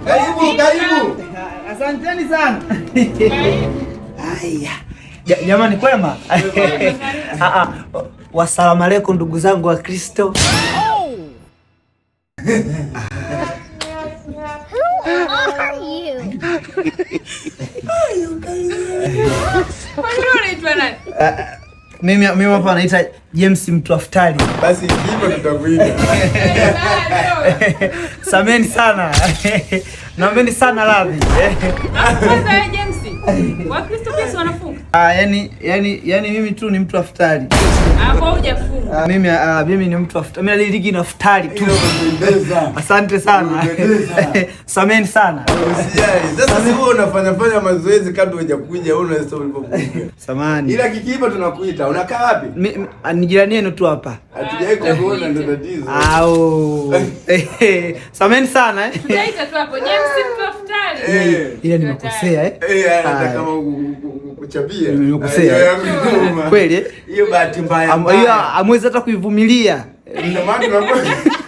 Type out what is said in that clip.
Karibu, karibu. Asanteni sana. Haya. Jamani kwema? Ah ah. Wasalamu alaykum ndugu zangu wa Kristo. Mimi mimi hapa anaita James Mtwaftali. Basi hivyo tutakuita. Sameni sana. Naombeni sana radhi. Sasa James. Wakristo pia wanafunga. Ah, yani yani yani mimi tu ni mtu afutali. Uh, mimi, uh, mimi ni mtu mimi ligi na futari tu. Asante sana. Sameni sana. Sasa si wewe unafanya fanya mazoezi kabla hujakuja wewe unaweza ulipokuja. Samani. Ila kikiba tunakuita. Unakaa wapi? Ah, ni jirani yenu tu hapa. Hatujai kuona ndo tatizo. Au. Sameni sana eh. Tutaita tu hapo. James mtu futari. Eh. Ila nimekosea eh. Eh, hata kama nimekuchapia. Kweli? Hiyo bahati mbaya. Amwezi hata kuivumilia. Ndio maana